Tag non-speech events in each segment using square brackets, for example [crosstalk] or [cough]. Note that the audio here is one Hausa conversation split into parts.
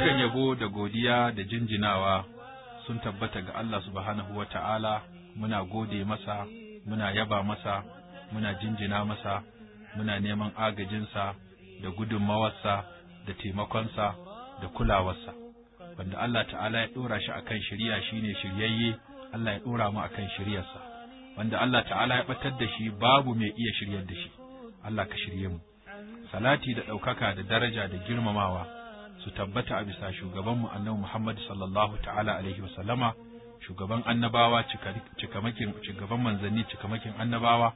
dukkan yabo da godiya da jinjinawa sun tabbata ga Allah subhanahu wa ta'ala muna gode masa, muna yaba masa, muna jinjina masa, muna neman agajinsa da gudunmawarsa da taimakonsa da kulawarsa. Wanda Allah ta'ala ya ɗora shi akan kan shirya shi ne shiryayye, Allah ya ɗora mu akan kan shiryarsa. Wanda Allah ta'ala ya ɓatar da shi babu mai iya shiryar da shi, Allah ka shirye mu. Salati da ɗaukaka da daraja da girmamawa. su tabbata a bisa shugabanmu annabi Muhammad sallallahu ta'ala alaihi wasallama shugaban annabawa cikamakin shugaban manzanni cikamakin annabawa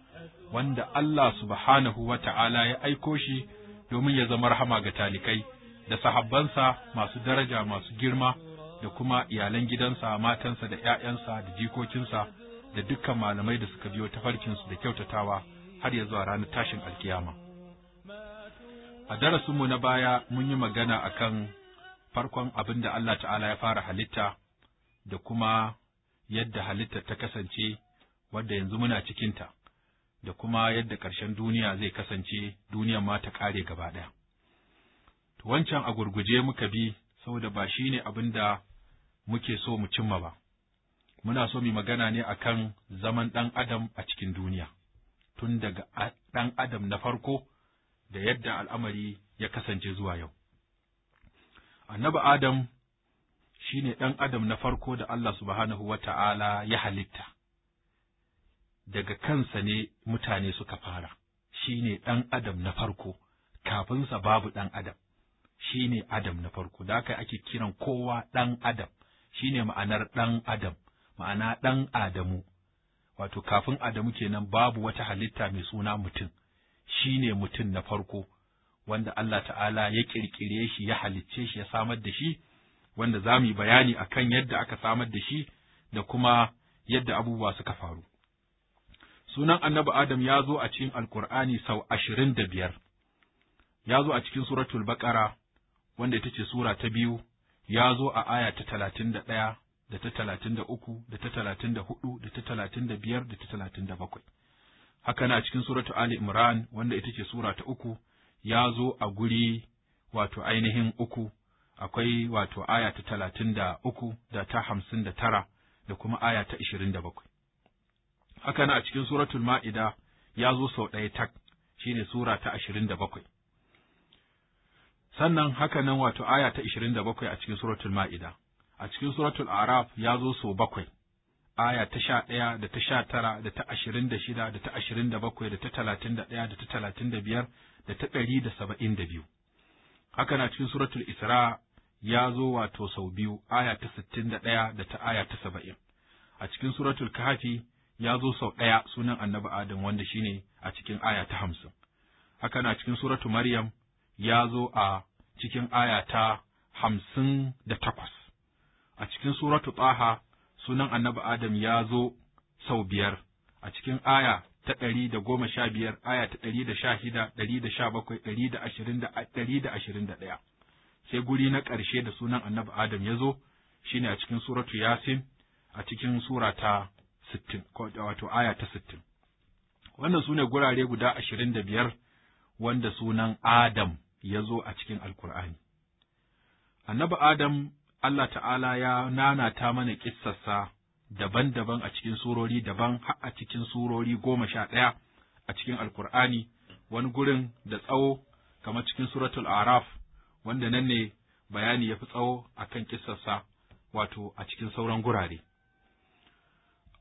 wanda Allah subhanahu wa ta'ala ya aiko shi domin ya zama rahama ga talikai da sahabbansa masu daraja masu girma da kuma iyalan gidansa matansa da ‘ya'yansa da jikokinsa da dukkan malamai da suka biyo tafarkinsu da kyautatawa har ya zuwa ranar tashin alkiyama. A darasinmu na baya mun yi magana a kan farkon abin da Allah ta'ala ya fara halitta da kuma yadda halitta ta kasance wadda yanzu muna cikinta, da kuma yadda ƙarshen duniya zai kasance duniyan ma ta ƙare gaba ɗaya. Wancan a gurguje muka bi saboda ba shi ne abin da muke so mu cimma ba. Muna so mu magana ne a kan zaman ɗan adam a cikin duniya, tun daga ɗan adam na farko da yadda al'amari ya kasance zuwa yau. Annabi Adam shi ne ɗan Adam na farko da Allah subhanahu wa ta'ala ya halitta, daga kansa ne mutane suka fara, shi ne ɗan Adam na farko, kafinsa babu ɗan Adam, shi ne Adam na farko, da aka ake kiran kowa ɗan Adam, shi ne ma'anar ɗan Adam, ma'ana ɗan Adamu, wato kafin Adamu kenan babu wata halitta mai suna mutum. Shi ne mutum na farko wanda Allah ta'ala ya ƙirƙire shi ya halicce shi ya samar da shi wanda za mu yi bayani a kan yadda aka samar da shi da kuma yadda abubuwa suka faru. Sunan annabi Adam ya zo a cikin Alƙur'ani sau ashirin da biyar, ya zo a cikin suratul baƙara wanda ita ce Sura ta biyu, ya zo a aya ta talatin da ɗaya da ta talatin da uku da ta talatin da hudu da ta talatin da biyar da ta talatin da bakwai. haka na cikin suratu Ali Imran wanda ita ce sura ta uku ya zo a guri wato ainihin uku akwai wato aya ta talatin da uku da ta hamsin da tara da kuma aya ta ishirin da bakwai. Haka na a cikin suratul ma'ida ya zo sau ɗaya tak shi ne sura ta ashirin da bakwai. Sannan haka nan wato aya ta ishirin da bakwai a cikin suratul ma'ida. A cikin suratul araf ya zo sau bakwai aya ta sha ɗaya da ta sha tara da ta ashirin da shida da ta ashirin da bakwai da ta talatin da ɗaya da ta talatin da biyar da ta ɗari da saba'in da biyu. Haka na cikin suratul Isra ya zo wato sau biyu aya ta sittin da ɗaya da ta aya ta saba'in. A cikin suratul Kahfi ya zo sau ɗaya sunan annabi Adam wanda shine a cikin aya ta hamsin. Haka na cikin suratul Maryam ya zo a cikin aya ta hamsin da takwas. A cikin suratu Taha sunan annabi Adam ya zo sau biyar a cikin aya ta ɗari da goma sha biyar, aya ta ɗari da sha shida, ɗari da sha bakwai, ɗari da ashirin da ɗari da ashirin da ɗaya. Sai guri na ƙarshe da sunan annabi Adam ya zo, shi ne a cikin suratu Yasin, a cikin sura ta sittin, wato aya ta sittin. Wannan su ne gurare guda ashirin da biyar wanda sunan Adam ya zo a cikin Alkur'ani. Annabi Adam Allah ta'ala ya nanata mana kissarsa daban-daban a cikin surori daban har a cikin surori goma sha ɗaya a cikin Alkur'ani, wani gurin da tsawo kamar cikin suratul Araf, wanda nan ne bayani ya fi tsawo a kan kissarsa, wato a cikin sauran gurare.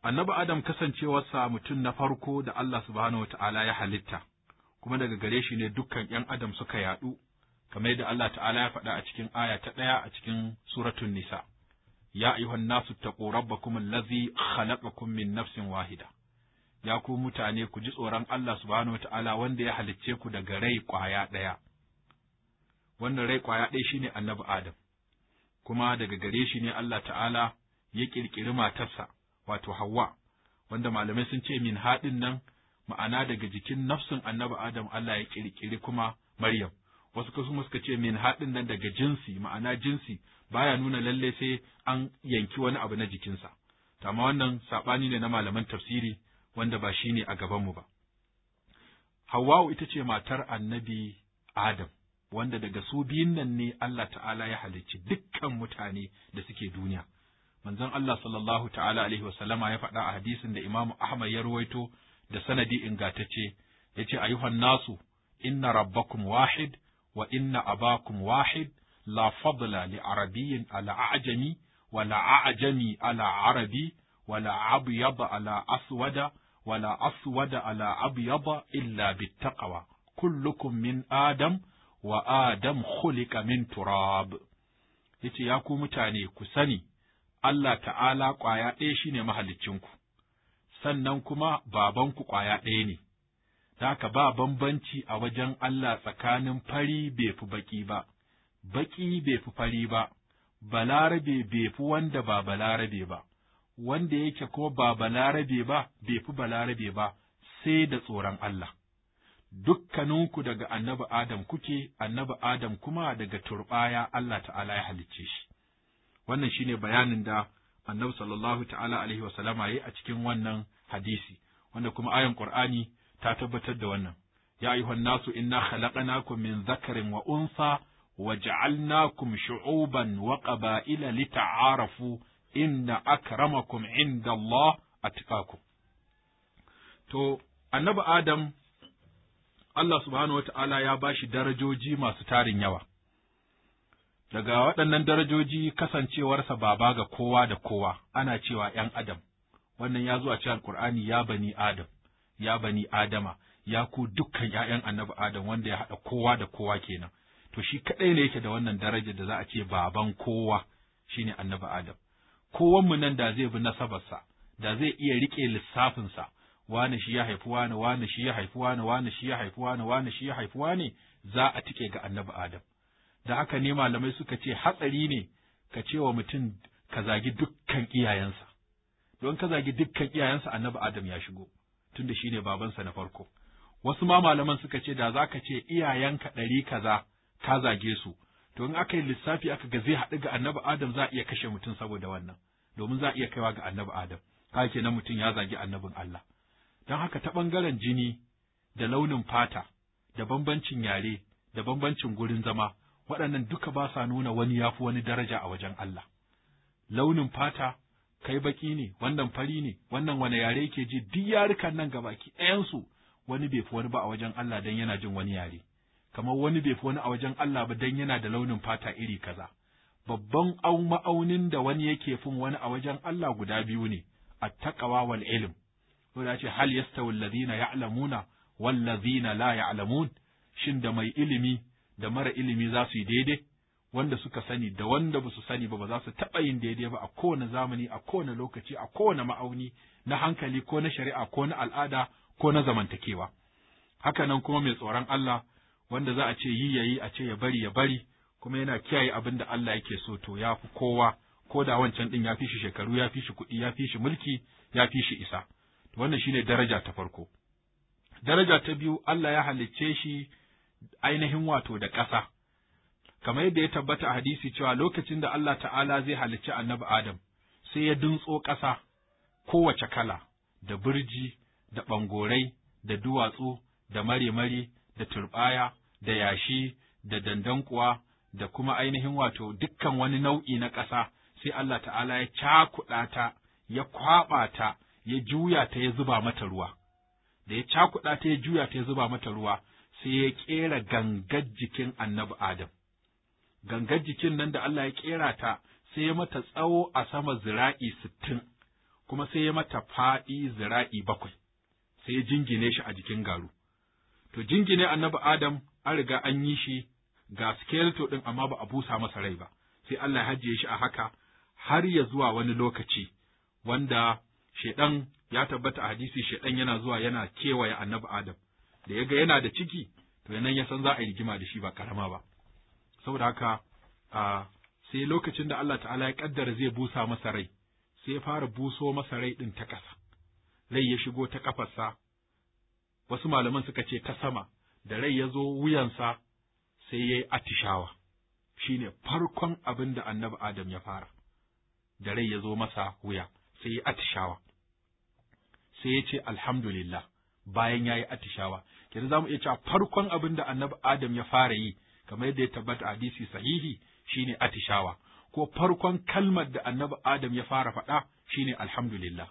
Annabi Adam kasancewarsa mutum na farko da Allah subhanahu wa ya halitta, kuma daga gare shi ne dukkan ’yan Adam suka yaɗu kamar yadda Allah ta'ala ya faɗa a cikin aya ta ɗaya a cikin suratun nisa ya ayyuhan nasu taqu rabbakum allazi khalaqakum min nafsin wahida ya ku mutane ku ji tsoron Allah subhanahu wata'ala wanda ya halicce ku daga rai ƙwaya ɗaya wannan rai ƙwaya ɗaya shine annabi Adam kuma daga gare shi ne Allah ta'ala ya ƙirƙiri matarsa wato Hauwa, wanda malamai sun ce min haɗin nan ma'ana daga jikin nafsin annabi Adam Allah ya ƙirƙiri kuma Maryam wasu kuma suka ce min haɗin nan daga jinsi ma'ana jinsi baya nuna lalle sai an yanki wani abu na jikinsa to amma wannan saɓani ne na malaman tafsiri wanda ba shi ne a gabanmu ba Hawwa'u ita ce matar annabi Adam wanda daga su biyun nan ne Allah ta'ala ya halicci dukkan mutane da suke duniya manzon Allah sallallahu ta'ala alaihi wasallama ya faɗa a hadisin da Imam Ahmad ya ruwaito da sanadi ingantacce yace ayuhan nasu inna rabbakum wahid wa inna abakum wahid la fadla li arabiyyin ala ajami wala ajami ala arabi wala abyada ala aswada wala aswada ala abyada illa bittaqwa kullukum min adam wa adam khuliqa min turab yace ya ku mutane ku sani Allah ta'ala ƙwaya ɗaya shine mahaliccinku sannan kuma babanku ƙwaya ɗaya ne haka ba bambanci a wajen Allah tsakanin fari bai fi baƙi ba, baƙi bai fi fari ba, balarabe bai fi wanda ba balarabe ba, wanda yake ko ba balarabe ba bai fi balarabe ba sai da tsoron Allah. Dukkaninku daga annabi Adam kuke, annabi Adam kuma daga turɓaya Allah ta'ala ya halicce shi. Wannan shi ne bayanin da annabi sallallahu ta'ala alaihi wasallama ya yi a cikin wannan hadisi, wanda kuma ayan Ƙur'ani ta tabbatar da wannan ya ayyuhan nasu inna khalaqnakum min zakarin wa unsa wa ja'alnakum shu'uban wa qaba'ila lita'arafu inna akramakum inda Allah atqakum to annabi Adam Allah subhanahu wata'ala ya shi darajoji masu tarin yawa daga waɗannan darajoji kasancewarsa baba ga kowa da kowa ana cewa ‘yan Adam, wannan ya zo a cikin Alƙur'ani ya bani Adam, ya bani Adama, ya ku dukkan ’ya'yan annabi Adam wanda ya haɗa kowa da kowa kenan. To shi kaɗai ne yake da wannan darajar da za a ce baban kowa shine annabi Adam. Kowanmu nan da zai bi nasabarsa, da zai iya riƙe lissafinsa, wane shi ya haifi wane, wane shi ya haifi wane, wane shi ya haifi wane, wane shi ya haifi wane, za a tike ga annabi Adam. Da haka ne malamai suka ce hatsari ne ka ce wa mutum ka zagi dukkan iyayensa, don ka zagi dukkan iyayensa annabi Adam ya shigo. tunda shine babansa na farko wasu ma malaman suka ce da zaka ce iyayenka ɗari kaza ka zage su to in aka yi lissafi aka ga zai haɗu ga annabi adam za a iya kashe mutum saboda wannan domin za a iya kaiwa ga annabi adam ka nan mutum ya zagi annabin Allah don haka ta ɓangaren jini da launin fata da bambancin yare da bambancin gurin zama waɗannan duka ba sa nuna wani ya fi wani daraja a wajen Allah launin fata kai baki ne wannan fari ne wannan wani yare yake ji duk yarukan nan gabaki ɗayansu wani bai fi wani ba a wajen Allah dan yana jin wani yare kamar wani bai fi wani a wajen Allah ba dan yana da launin fata iri kaza babban au ma'aunin da wani yake fin wani a wajen Allah guda biyu ne attaqwa wal ilm wanda ce hal yastawul ladina ya'lamuna wal ladina la ya'lamun shin da mai ilimi da mara ilimi za su yi daidai wanda suka sani da wanda ba su sani ba ba za su taɓa yin daidai ba a kowane zamani a kowane lokaci a kowane ma'auni na hankali ko na shari'a ko na al'ada ko na zamantakewa haka nan kuma mai tsoron Allah wanda za a ce yi ya yi a ce ya bari ya bari kuma yana kiyaye abin da Allah yake so to ya fi kowa ko da wancan ɗin ya fi shi shekaru ya fi shi kuɗi ya fi shi mulki ya fi shi isa to wannan shine daraja ta farko daraja ta biyu Allah ya halicce shi ainihin wato da ƙasa kamar yadda ya tabbata a hadisi cewa lokacin da Allah ta'ala zai halicci annabi Adam sai ya duntso ƙasa kowace kala da birji da ɓangorai da duwatsu da mare da turɓaya da yashi da dandankuwa da kuma ainihin wato dukkan wani nau'i na ƙasa sai Allah ta'ala ya cakuɗa ta ya kwaɓa ta ya juya ta ya zuba mata ruwa da ya cakuɗa ta ya juya ta ya zuba mata ruwa sai ya ƙera gangar jikin annabi Adam gangar jikin nan da Allah ya ƙera ta sai ya mata tsawo a sama zira'i sittin, kuma sai ya mata faɗi zira'i bakwai, sai ya jingine shi a jikin garu. To jingine annabi Adam an riga an yi shi ga skeleton ɗin amma ba a busa masa rai ba, sai Allah ya hajiye shi a haka har ya zuwa wani lokaci wanda shaiɗan ya tabbata a hadisi shaiɗan yana zuwa yana kewaye annabi Adam, da ya ga yana da ciki, to nan ya san za a yi rigima da shi ba karama ba. saboda haka sai lokacin da Allah ta'ala ya kaddara zai busa masa rai sai ya fara buso masa rai ɗin ta ƙasa rai ya shigo ta ƙafarsa wasu malaman suka ce ta sama da rai ya zo wuyansa sai ya yi atishawa shi ne farkon abin da annabi Adam ya fara da rai ya zo masa wuya sai ya yi atishawa sai ya ce alhamdulillah bayan ya yi atishawa kenan za mu iya cewa farkon abin da annabi Adam ya fara yi kamar yadda ya tabbata hadisi sahihi shine atishawa ko farkon kalmar da annabi Adam ya fara faɗa shine alhamdulillah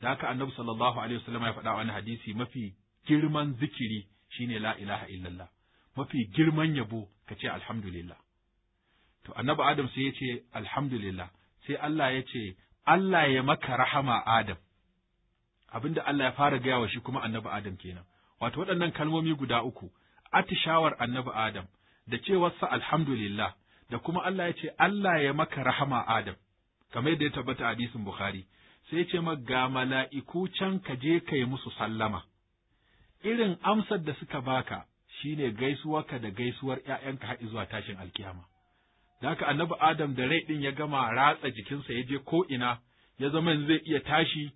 da haka annabi sallallahu alaihi wasallam ya faɗa wani hadisi mafi girman zikiri shine la ilaha illallah mafi girman yabo ka ce alhamdulillah to annabi Adam sai ya ce alhamdulillah sai Allah ya ce Allah ya maka rahama Adam abinda Allah ya fara gaya wa shi kuma annabi Adam kenan wato waɗannan kalmomi guda uku atishawar annabi Adam da cewarsa alhamdulillah da kuma Allah ya ce Allah ya maka rahama Adam kamar yadda ya tabbata hadisin Bukhari sai ya ce ma ga mala'iku can ka je kai musu sallama irin amsar da suka baka shine gaisuwarka da gaisuwar ‘ya'yanka har zuwa tashin alkiyama. Da haka annabi Adam da rai ɗin ya gama ratsa jikinsa ya je ko'ina, ya zama zai iya tashi,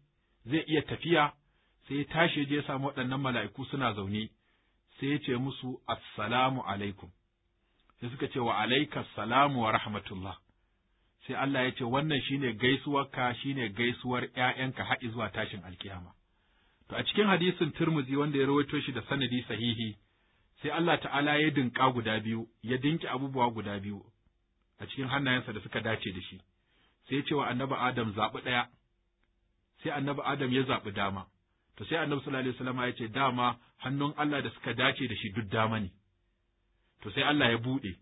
zai iya tafiya, sai ya tashi ya je ya samu waɗannan mala'iku suna zaune, sai ya ce musu, Assalamu alaikum. sai suka ce wa alaikas salamu wa rahmatullah sai Allah ya ce wannan shine gaisuwar ka shine gaisuwar ’ya'yanka har zuwa tashin alkiyama. To a cikin hadisin Turmuzi wanda ya rawaito shi da sanadi sahihi sai Allah ta'ala ya dinka guda biyu ya dinki abubuwa guda biyu a cikin hannayensa da suka dace da shi sai ya ce wa annabi Adam zaɓi ɗaya sai annabi Adam ya zaɓi dama to sai annabi sallallahu alaihi wasallam ya ce dama hannun Allah da suka dace da shi duk dama ne to sai Allah ya buɗe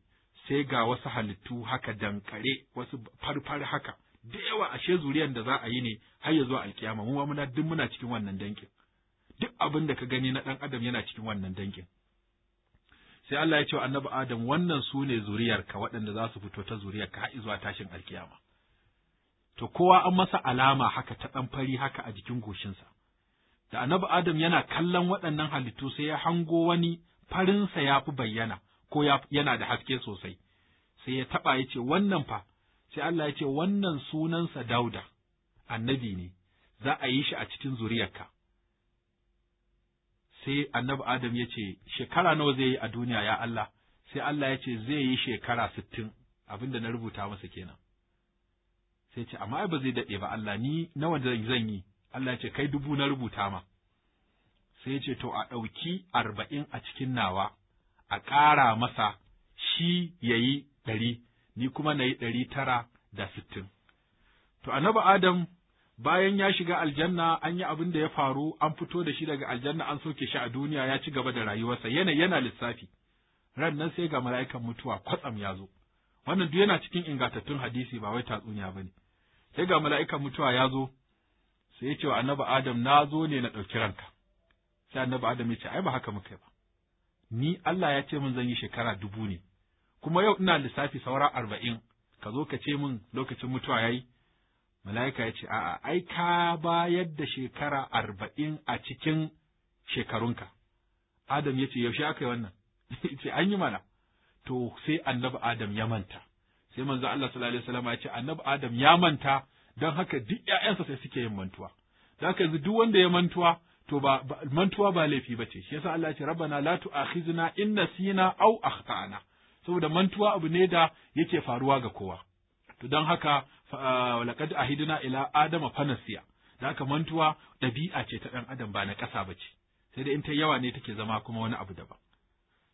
sai ga wasu halittu haka dankare wasu farfar haka da yawa ashe zuriyar da za a yi ne har ya zuwa alkiyama mu muna duk muna cikin wannan dankin duk abin da ka gani na ɗan adam yana cikin wannan dankin sai Allah ya ce wa annabi Adam wannan su ne zuriyarka waɗanda za su fito ta zuriyarka har zuwa tashin alkiyama to kowa an masa alama haka ta ɗan fari haka a jikin goshinsa da annabi Adam yana kallon waɗannan halittu sai ya hango wani farinsa ya fi bayyana ko yana da haske sosai sai ya taɓa ya ce wannan fa sai Allah ya ce wannan sunansa Dauda annabi ne za a yi shi a cikin zuriyarka sai annabi Adam ya ce shekara nawa zai yi a duniya ya Allah sai Allah ya ce zai yi shekara sittin abin da na rubuta masa kenan sai ce amma ai ba zai daɗe ba Allah ni nawa zan yi Allah ya ce kai dubu na rubuta ma sai ya ce to a ɗauki arba'in a cikin nawa a ƙara masa shi ya yi ɗari, ni kuma na yi ɗari tara da sittin. To, annabi Adam bayan ya shiga aljanna an yi abin da ya faru an fito da shi daga aljanna an soke shi a duniya ya ci gaba da rayuwarsa yana yana lissafi. Ran nan sai ga mala'ikan mutuwa kwatsam ya zo. Wannan duk yana cikin ingantattun hadisi ba wai tatsuniya ba ne. Sai ga mala'ikan mutuwa ya zo sai ya ce wa annabi Adam na zo ne na ɗauki ranka. Sai annabi Adam ya ce ai ba haka muka yi ba. ni Allah ya ce min zan yi shekara dubu ne, kuma yau ina lissafi saura arba'in, ka zo ka ce min lokacin mutuwa ya yi, mala'ika ya ce, a'a, ai, ka bayar da shekara arba'in a cikin shekarunka. Adam ya ce, yaushe aka yi wannan? [laughs] ce, an yi mana. To, sai annabi Adam ya manta. Sai manzo Allah sallallahu alaihi wasallam ya ce, annabi Adam ya manta, don haka duk ‘ya'yansa sai suke yin mantuwa. Don haka yanzu duk wanda ya mantuwa, to ba mantuwa ba laifi ba ce shi yasa Allah ce rabbana la tu'akhizna in nasina aw akhtana saboda mantuwa abu ne da yake faruwa ga kowa to don haka laqad ahidna ila adama fanasiya da haka mantuwa ɗabi'a ce ta ɗan adam ba na ƙasa ba ce sai dai in ta yawa ne take zama kuma wani abu daban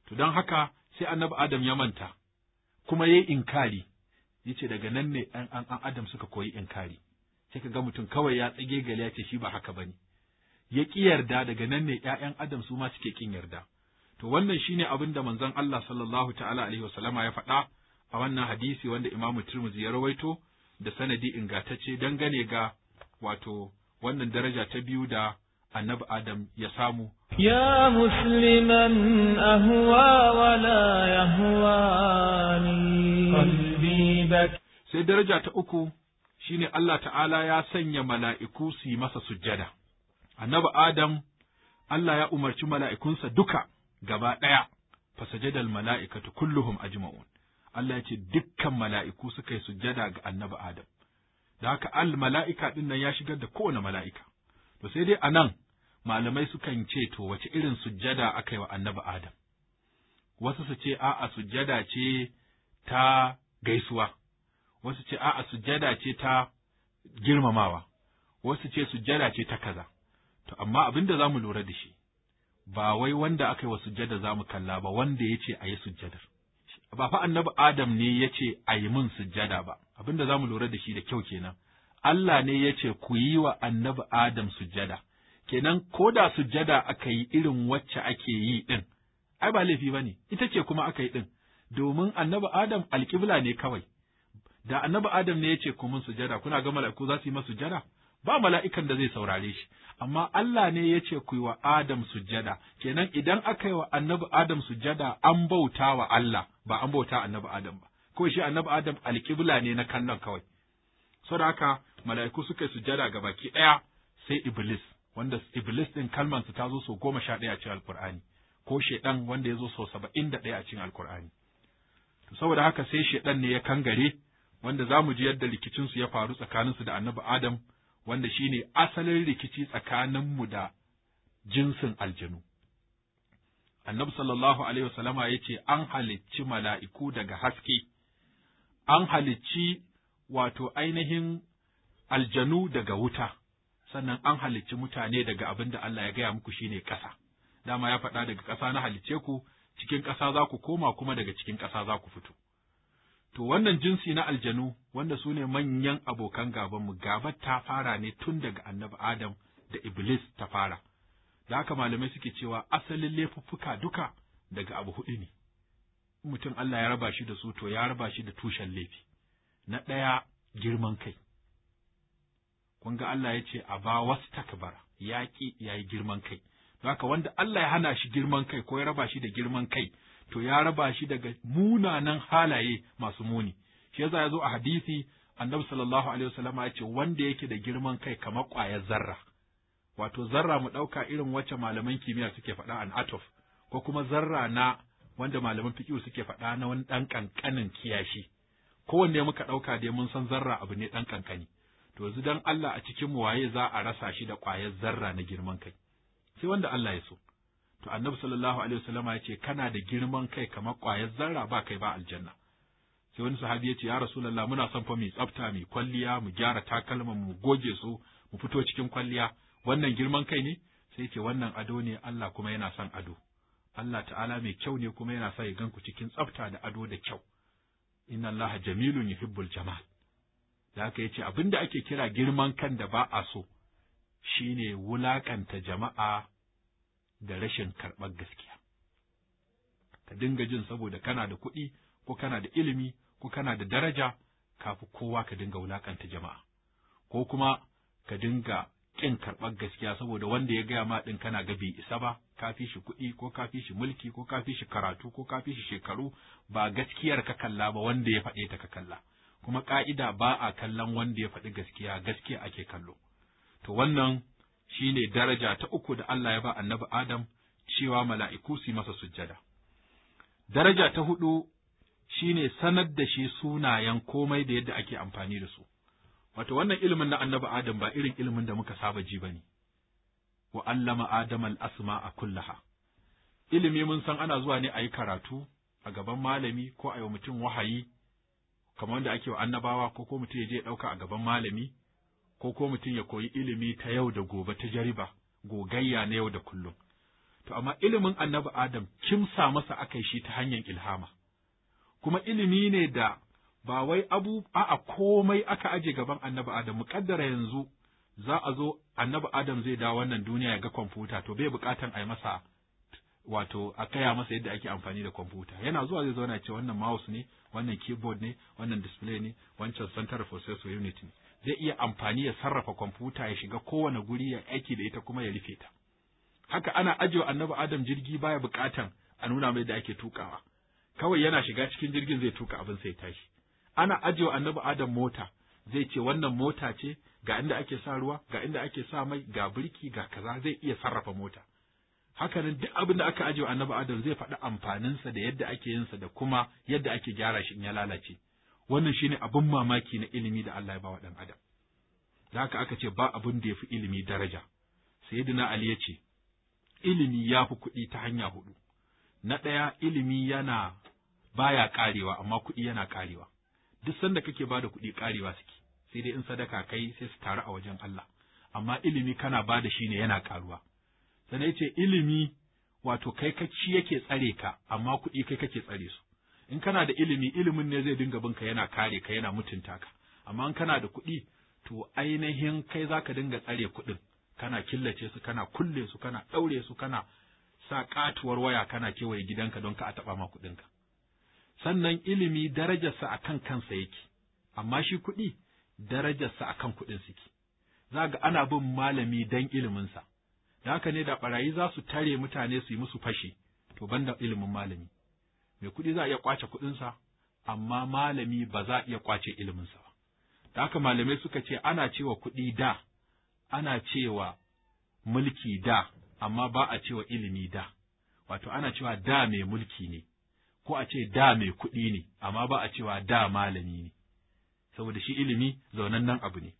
to don haka sai annabi adam ya manta kuma yayi inkari yace daga nan ne ɗan an adam suka koyi inkari sai ka ga mutum kawai ya tsige gali ya ce shi ba haka bane ya ƙi yarda daga nan ne ‘ya'yan Adam su ma suke ƙin yarda. To wannan shine abin da manzon Allah sallallahu ta'ala alaihi wasallama ya faɗa a wannan hadisi wanda Imam Tirmidhi ya rawaito da sanadi ingantacce gane ga wato wannan daraja ta biyu da annabi Adam ya samu. Ya musliman ahwa wa yahwani qalbi bak. Sai daraja ta uku shine Allah ta'ala ya sanya mala'iku su yi masa sujjada. annabi Adam Allah ya umarci mala'ikunsa duka gaba ɗaya, fasajadal mala'ikatu kulluhum ajma'un. Allah ya ce dukkan mala'iku suka yi sujjada ga annabi Adam. Da haka al mala'ika ɗin nan ya shigar da kowane mala'ika. To sai dai a nan malamai sukan ce to wace irin sujjada aka yi wa annabi Adam. Wasu su ce a'a sujjada ce ta gaisuwa, wasu ce a'a sujjada ce ta girmamawa, wasu ce sujjada ce ta kaza. To, amma abin da zamu lura da shi, ba wai wanda aka yi wa sujjada za mu kalla ba, wanda ya ce a yi sujjadar. Ba fa annabi Adam ne ya ce a yi min sujjada ba, abin da zamu lura da shi da kyau kenan. Allah ne ya ce ku yi wa annabi Adam sujjada, kenan ko da sujjada aka yi irin wacce ake yi ɗin, ai ba laifi ba ne, ita ce kuma aka yi ɗin, domin annabi Adam alƙibla ne kawai. Da annabi Adam ne ya ce ku min sujjada, kuna ga mala'iku za su yi masa sujjada? ba mala'ikan da zai saurare shi amma Allah ne ya ce ku yi wa Adam sujjada kenan idan aka yi wa annabi Adam sujjada an bauta wa Allah ba an bauta annabi Adam ba ko shi annabi Adam alƙibla ne na kallon kawai saboda haka mala'iku suka yi sujjada ga baki ɗaya sai Iblis wanda Iblis ɗin kalmansa ta zo sau goma sha ɗaya a cikin Alƙur'ani ko Shaiɗan wanda ya zo sau saba'in da ɗaya a cikin Alƙur'ani saboda haka sai Shaiɗan ne ya kangare wanda za mu ji yadda rikicinsu ya faru tsakaninsu da annabi Adam wanda shine asalin rikici tsakaninmu da jinsin aljanu. Annabi sallallahu Alaihi wasallama ya ce, An halicci mala'iku daga haske, an halicci wato ainihin aljanu daga wuta, sannan an halicci mutane daga abin da Allah ya gaya muku shine ƙasa. Dama ya faɗa daga ƙasa na halicce ku, cikin ƙasa za ku koma kuma daga cikin ƙasa za ku fito. To wannan jinsi na aljanu wanda su ne manyan abokan gabanmu gabar ta fara ne tun daga annabi Adam da Iblis ta fara. Da haka malamai suke cewa asalin laifuffuka duka daga abu hudu ne. Mutum Allah ya raba shi da su to ya raba shi da tushen laifi. Na ɗaya girman kai. Kun ga Allah ya ce a ba wasu takbara yaƙi ya yi girman kai. Da haka wanda Allah ya hana shi girman kai ko ya raba shi da girman kai to ya raba shi daga munanan halaye masu muni shi yasa ya zo a hadisi annabi sallallahu alaihi wasallam ya ce wanda yake da girman kai kamar ƙwayar zarra wato zarra mu ɗauka irin wacce malaman kimiyya suke faɗa an atof ko kuma zarra na wanda malaman fiƙiyu suke faɗa na wani ɗan ƙanƙanin kiyashi kowanne muka ɗauka dai mun san zarra abu ne ɗan ƙanƙani to yanzu dan Allah a cikin mu waye za a rasa shi da ƙwayar zarra na girman kai sai wanda Allah ya so to annabi sallallahu alaihi wasallama ya ce kana da girman kai kamar ƙwayar zarra ba kai ba aljanna sai wani sahabi ya ce ya rasulullah muna son fa mu tsafta mu kwalliya mu gyara takalman mu goge su mu fito cikin kwalliya wannan girman kai ne sai ce wannan ado ne Allah kuma yana son ado Allah ta'ala mai kyau ne kuma yana sa ya ganku cikin tsafta da ado da kyau inna Allah jamilun yuhibbul jamal da haka yace abinda ake kira girman kan da ba a so shine wulakanta jama'a da rashin karɓar gaskiya. Ka dinga jin saboda kana da kuɗi, ko kana da ilimi, ko kana da daraja, kafi kowa ka dinga wulaƙanta jama'a. Ko kuma ka dinga ƙin karɓar gaskiya saboda wanda ya gaya ma ɗin kana ga bai isa ba, ka fi shi kuɗi, ko ka fi shi mulki, ko ka fi shi karatu, ko ka fi shi shekaru, ba gaskiyar ka kalla ba wanda ya faɗe ta ka kalla. Kuma ƙa'ida ba a kallon wanda ya faɗi gaskiya, gaskiya ake kallo. To wannan shi ne daraja ta uku da Allah ya ba annabi Adam cewa mala'iku su masa sujjada. Daraja ta hudu shi ne sanar da shi sunayen komai da yadda ake amfani da su. Wato wannan ilimin na annabi Adam ba irin ilimin da muka saba ji ba ne. Wa allama Adam al'asma a kullaha. Ilimi mun san ana zuwa ne a yi karatu a gaban malami ko a yi mutum wahayi kamar wanda ake wa annabawa ko ko mutum ya je ya ɗauka a gaban malami ko ko mutum ya koyi ilimi ta yau da gobe ta jariba gogayya na yau da kullum to amma ilimin annabi adam kimsa masa aka shi ta hanyar ilhama kuma ilimi ne da ba wai abu a komai aka aje gaban annabi adam muƙaddara yanzu za a zo annabi adam zai dawo wannan duniya ya ga kwamfuta to bai buƙatan a yi masa wato a kaya masa yadda ake amfani da kwamfuta yana zuwa zai zo zauna ce wannan mouse ne wannan keyboard ne wannan display ne wancan center for processor unit ne zai iya amfani ya sarrafa kwamfuta ya shiga kowane guri ya aiki da ita kuma ya rufe ta. Haka ana ajiye annabi Adam jirgi baya bukatan a nuna mai da ake tukawa. Kawai yana shiga cikin jirgin zai tuka abin sai tashi. Ana ajiye annabi Adam mota zai ce wannan mota ce ga inda ake sa ruwa ga inda ake sa mai ga birki ga kaza zai iya sarrafa mota. Haka nan, duk abin da aka ajiye annabi Adam zai faɗi amfaninsa da yadda ake yinsa da kuma yadda ake gyara shi in ya lalace. wannan shine abin mamaki na ilimi da Allah ya ba wa ɗan adam da haka aka ce ba abin da ya fi ilimi daraja sayyidina Ali ya ce ilimi ya fi kuɗi ta hanya hudu na ɗaya ilimi yana baya karewa amma kuɗi yana karewa duk sanda kake bada kuɗi karewa suke sai dai in sadaka kai sai su taru a wajen Allah amma ilimi kana bada shi ne yana ƙaruwa sannan yace ilimi wato kai kaci yake tsare ka amma kuɗi kai kake tsare su in kana da ilimi ilimin ne zai dinga binka yana kare ka yana mutunta ka amma in kana da kuɗi to ainihin kai zaka dinga tsare kuɗin kana killace su kana kulle su kana ɗaure su kana sa katuwar waya kana kewaye gidanka don ka a taɓa ma kuɗinka sannan ilimi darajarsa a kan kansa yake amma shi kuɗi darajarsa a kan kuɗin suke za ga ana bin malami don iliminsa da haka ne da ɓarayi za su tare mutane su yi musu fashi to banda ilimin malami mai kuɗi za a iya ƙwace kuɗinsa amma malami ba za a iya kwace iliminsa ba da haka malamai suka ce ana cewa kuɗi da ana cewa mulki da amma ba a cewa ilimi da wato ana cewa da mai mulki ne ko a ce da mai kuɗi ne amma ba a cewa da malami ne saboda shi ilimi zaunannen abu ne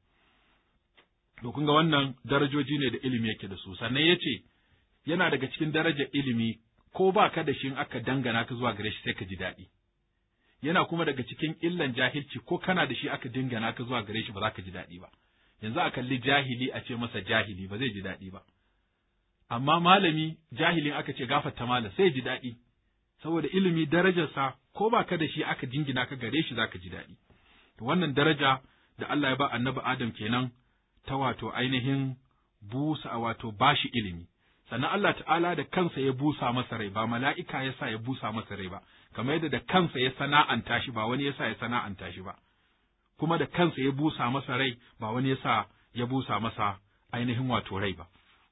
to kun ga wannan darajoji ne da ilimi yake da su sannan ya ce yana daga cikin darajar ilimi ko ba ka da shi in aka dangana ka zuwa gare shi sai ka ji daɗi. Yana kuma daga cikin illan jahilci ko kana da shi aka dangana ka zuwa gare shi ba za ka ji daɗi ba. Yanzu a kalli jahili a ce masa jahili ba zai ji daɗi ba. Amma malami jahilin aka ce gafarta malam sai ji daɗi. Saboda ilimi darajarsa ko ba ka da shi aka jingina ka gare shi za ka ji daɗi. Wannan daraja da Allah ya ba annabi Adam kenan ta wato ainihin busa wato bashi ilimi. sannan Allah ta'ala da kansa ya busa masa rai ba mala'ika ya sa ya busa masa rai ba kamar yadda da kansa ya sana'anta shi ba wani ya sa ya sana'anta shi ba kuma da kansa ya busa masa rai ba wani ya sa ya busa masa ainihin wato rai ba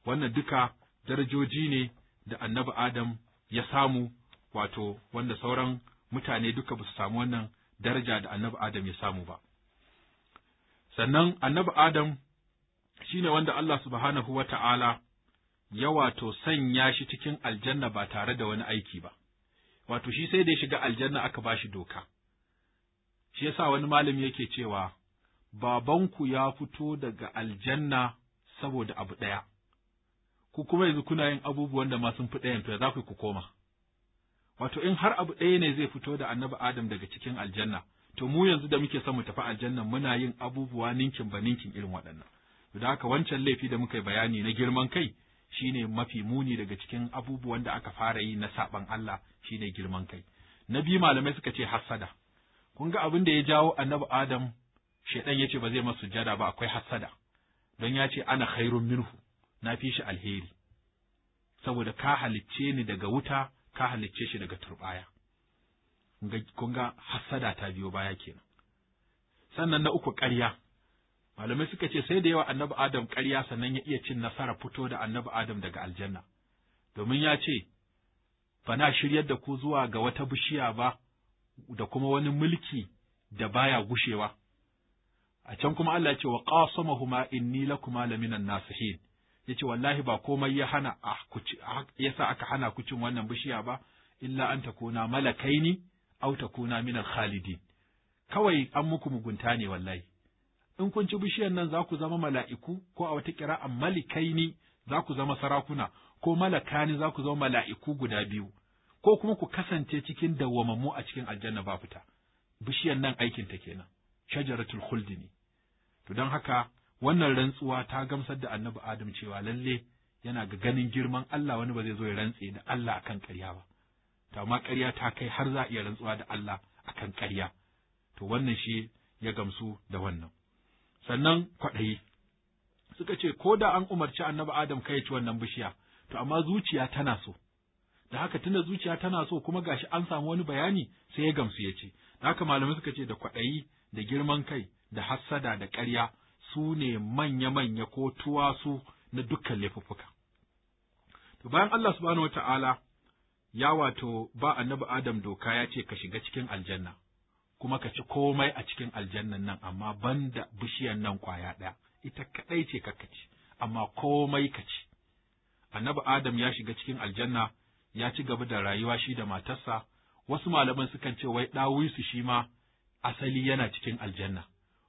wannan duka darajoji ne da annabi Adam ya samu wato wanda sauran mutane duka ba su samu wannan daraja da annabi Adam ya samu ba sannan annabi Adam shi ne wanda Allah subhanahu wa ta'ala ya wato sanya shi cikin aljanna ba tare da wani aiki ba. Wato shi sai da ya shiga aljanna aka ba shi doka. Shi yasa wani malami yake cewa, Babanku ya fito daga aljanna saboda abu ɗaya, ku kuma yanzu kuna yin abubuwan da ma sun fi ɗayan to za ku ku koma. Wato in har abu ɗaya ne zai fito da annabi Adam daga cikin aljanna, to mu yanzu da muke son mu tafi aljanna muna yin abubuwa ninkin ba ninkin irin waɗannan. Da haka wancan laifi da muka yi bayani na girman kai, shine mafi muni daga cikin abubuwan da aka fara yi na saban Allah shine girman kai na biyu malamai suka ce hassada kun ga abin da ya jawo annabi Adam ya ce ba zai masu sujada ba akwai hassada don ya ce ana khairun minhu na fi shi alheri saboda ka halicce ni daga wuta ka halicce shi daga turbaya kun ga hassada ta biyo baya kenan sannan na uku ƙarya malamai suka ce sai da yawa annabi Adam ƙarya sannan ya iya cin nasara fito da annabi Adam daga aljanna, domin ya ce, ba na shiryar da ku zuwa ga wata bishiya ba da kuma wani mulki da baya gushewa. A can kuma Allah ya ce wa qasamahuma inni lakuma laminan nasihin. Yace wallahi ba komai ya hana yasa aka hana ku cin wannan bishiya ba illa an takuna malakaini au takuna minal khalidin. Kawai an muku mugunta ne wallahi. in kun ci bishiyar nan za ku zama mala'iku ko a wata kira'a amalikaini za ku zama sarakuna ko malakani za ku zama mala'iku guda biyu ko kuma ku kasance cikin dawwamammu a cikin aljanna ba fita bishiyar nan aikin ta kenan shajaratul khuldi ne to don haka wannan rantsuwa ta gamsar da annabi adam cewa lalle yana ga ganin girman Allah wani ba zai zo ya rantse da Allah akan ƙarya ba to amma ƙarya ta kai har za a iya rantsuwa da Allah akan ƙarya to wannan shi ya gamsu da wannan sannan kwaɗayi. Suka ce, ko da an umarci annabi Adam kai ci wannan bishiya, to amma zuciya tana so. Da haka tunda zuciya tana so kuma gashi an samu wani bayani sai ya gamsu ya ce. Da haka malamai suka ce da kwaɗayi, da girman kai, da hassada, da ƙarya su ne manya-manya ko tuwasu na dukkan laifuffuka. To bayan Allah subhanahu wata'ala ya wato ba annabi Adam doka ya ce ka shiga cikin aljanna. kuma ka ci komai a cikin aljannan nan amma banda bishiyan nan kwaya ɗaya ita kaɗai ce ka ci amma komai ka ci annabi adam ya shiga cikin aljanna ya ci gaba da rayuwa shi da matarsa wasu malaman sukan ce wai ɗawisu shi ma asali yana cikin aljanna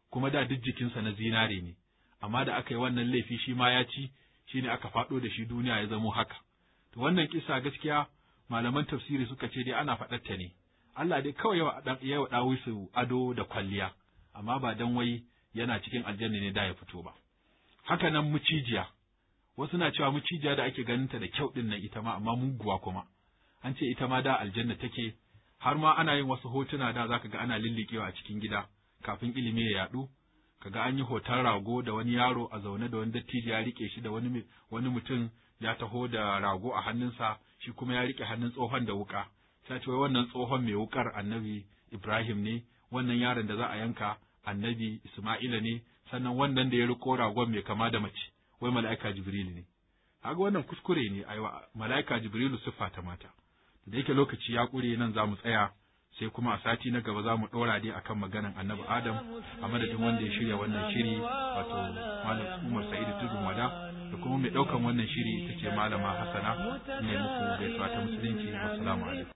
kuma da duk jikinsa na zinare ne amma da aka yi wannan laifi shi ma ya ci shi ne aka faɗo da shi duniya ya zamo haka to wannan kisa gaskiya malaman tafsiri suka ce dai ana faɗarta ne Allah dai kawai yawa yawa su ado da kwalliya amma ba dan wai yana cikin aljanna ne da ya fito ba haka nan mucijiya wasu na cewa mucijiya da ake ganinta da kyau ɗin nan ita ma amma muguwa kuma an ce ita ma da aljanna take har ma ana yin wasu hotuna da zaka ga ana lillikewa a cikin gida kafin ilimi ya yaɗu kaga an yi hoton rago da wani yaro a zaune da wani dattijo ya rike shi da wani wani mutum ya taho da rago a hannunsa shi kuma ya rike hannun tsohon da wuka ta ce wannan tsohon mai wukar annabi Ibrahim ne wannan yaron da za a yanka annabi Isma'ila ne sannan wannan da ya riko ragon mai kama da mace wai mala'ika Jibril ne ga wannan kuskure ne a mala'ika Jibril siffa ta mata da yake lokaci ya ƙure nan za mu tsaya sai kuma a sati na gaba za mu ɗora dai akan maganan annabi Adam a madadin wanda ya shirya wannan shiri wato Malam Umar Sa'id Tudun Wada da kuma mai ɗaukan wannan shiri ita ce Malama Hassana ne muku gaisuwa ta musulunci assalamu alaikum